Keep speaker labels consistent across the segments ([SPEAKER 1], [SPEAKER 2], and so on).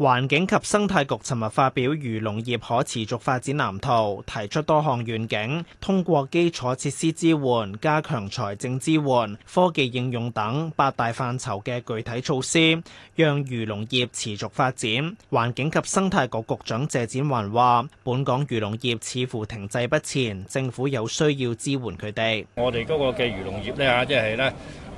[SPEAKER 1] 環境及生態局尋日發表《漁農業可持續發展藍圖》，提出多項願景，通過基礎設施支援、加強財政支援、科技應用等八大範疇嘅具體措施，讓漁農業持續發展。環境及生態局局長謝展寰話，本港漁農業似乎停滯不前，政府有需要支援佢哋。我哋嗰個嘅漁農業呢，即係呢。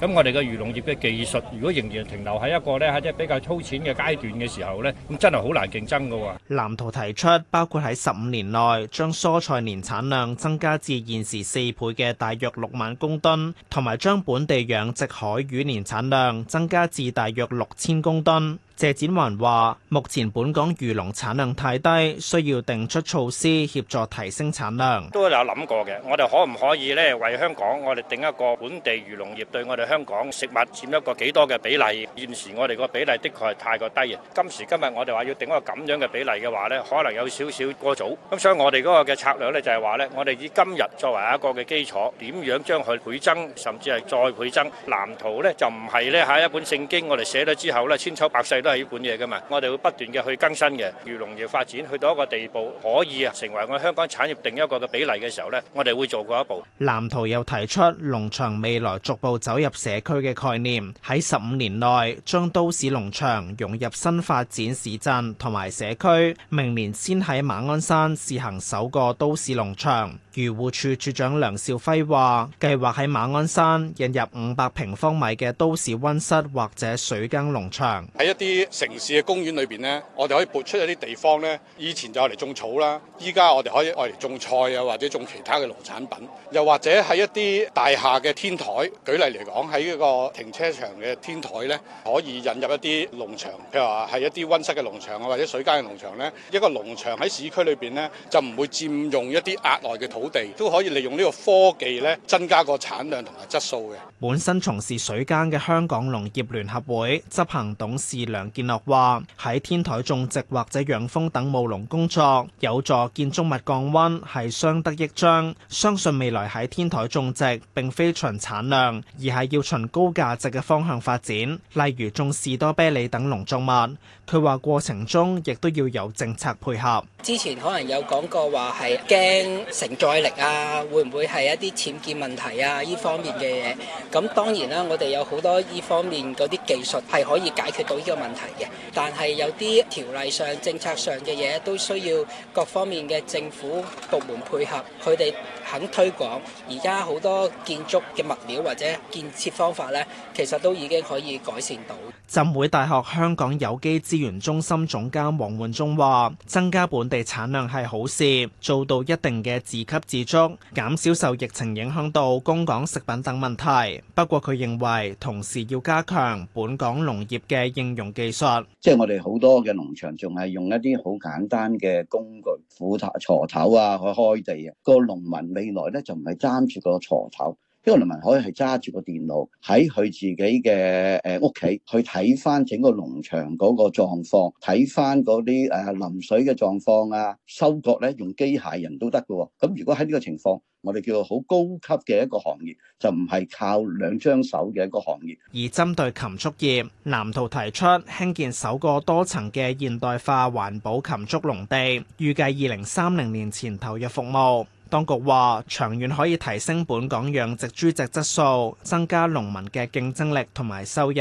[SPEAKER 2] 咁我哋嘅漁農業嘅技術，如果仍然停留喺一個咧，喺啲比較粗淺嘅階段嘅時候咧，咁真係好難競爭㗎
[SPEAKER 1] 喎，啊。藍圖提出，包括喺十五年內將蔬菜年產量增加至現時四倍嘅大約六萬公噸，同埋將本地養殖海魚年產量增加至大約六千公噸。謝展華話：目前本港魚農產量太低，需要定出措施協助提升產量。
[SPEAKER 2] 都有諗過嘅，我哋可唔可以呢為香港，我哋定一個本地魚農業對我哋香港食物佔一個幾多嘅比例？現時我哋個比例的確係太過低嘅。今時今日我哋話要定一個咁樣嘅比例嘅話呢，可能有少少過早。咁所以我哋嗰個嘅策略呢就係話呢，我哋以今日作為一個嘅基礎，點樣將佢倍增，甚至係再倍增？藍圖呢就唔係呢喺一本聖經我哋寫咗之後呢，千秋百世都係管嘢㗎嘛，我哋會不斷嘅去更新嘅。如農業發展去到一個地步可以啊，成為我香港產業定一個嘅比例嘅時候咧，我哋會做嗰一步。
[SPEAKER 1] 藍圖又提出農場未來逐步走入社區嘅概念，喺十五年內將都市農場融入新發展市鎮同埋社區。明年先喺馬鞍山試行首個都市農場。漁護署署長梁兆輝話，計劃喺馬鞍山引入五百平方米嘅都市溫室或者水耕農場。
[SPEAKER 2] 喺一啲城市嘅公園裏邊咧，我哋可以撥出一啲地方咧，以前就用嚟種草啦，依家我哋可以用嚟種菜啊，或者種其他嘅農產品，又或者喺一啲大廈嘅天台，舉例嚟講，喺呢個停車場嘅天台咧，可以引入一啲農場，譬如話係一啲溫室嘅農場啊，或者水耕嘅農場咧，一個農場喺市區裏邊咧，就唔會佔用一啲額外嘅土地。地都可以利用呢個科技咧，增加個產量同埋質素嘅。
[SPEAKER 1] 本身從事水耕嘅香港農業聯合會執行董事梁建樂話：喺天台種植或者養蜂等務農工作，有助建築物降溫，係相得益彰。相信未來喺天台種植並非循產量，而係要循高價值嘅方向發展，例如種士多啤梨等農作物。佢話過程中亦都要有政策配合。之前可能有講過話係驚承載。耐力啊，會唔會係一啲僭建問題啊？依方面嘅嘢，咁當然啦，我哋有好多依方面嗰啲技術係可以解決到依個問題嘅。但係有啲條例上、政策上嘅嘢都需要各方面嘅政府部門配合，佢哋肯推廣。而家好多建築嘅物料或者建設方法咧，其實都已經可以改善到。浸會大學香港有機資源中心總監黃煥忠話：，增加本地產量係好事，做到一定嘅自給。自足，減少受疫情影響到供港食品等問題。不過佢認為，同時要加強本港農業嘅應用技術。即係我哋好多嘅農場仲係用一啲好簡單嘅工具，斧頭、鋤頭啊去開地啊。個農民未來咧就唔係攬住個鋤頭。呢個農民可以係揸住個電腦喺佢自己嘅誒屋企去睇翻整個農場嗰個狀況，睇翻嗰啲誒淋水嘅狀況啊，收割咧用機械人都得噶。咁如果喺呢個情況，我哋叫好高級嘅一個行業，就唔係靠兩張手嘅一個行業。而針對禽畜業，藍圖提出興建首個多層嘅現代化環保禽畜農地，預計二零三零年前投入服務。當局話，長遠可以提升本港養殖豬隻質素，增加農民嘅競爭力同埋收入。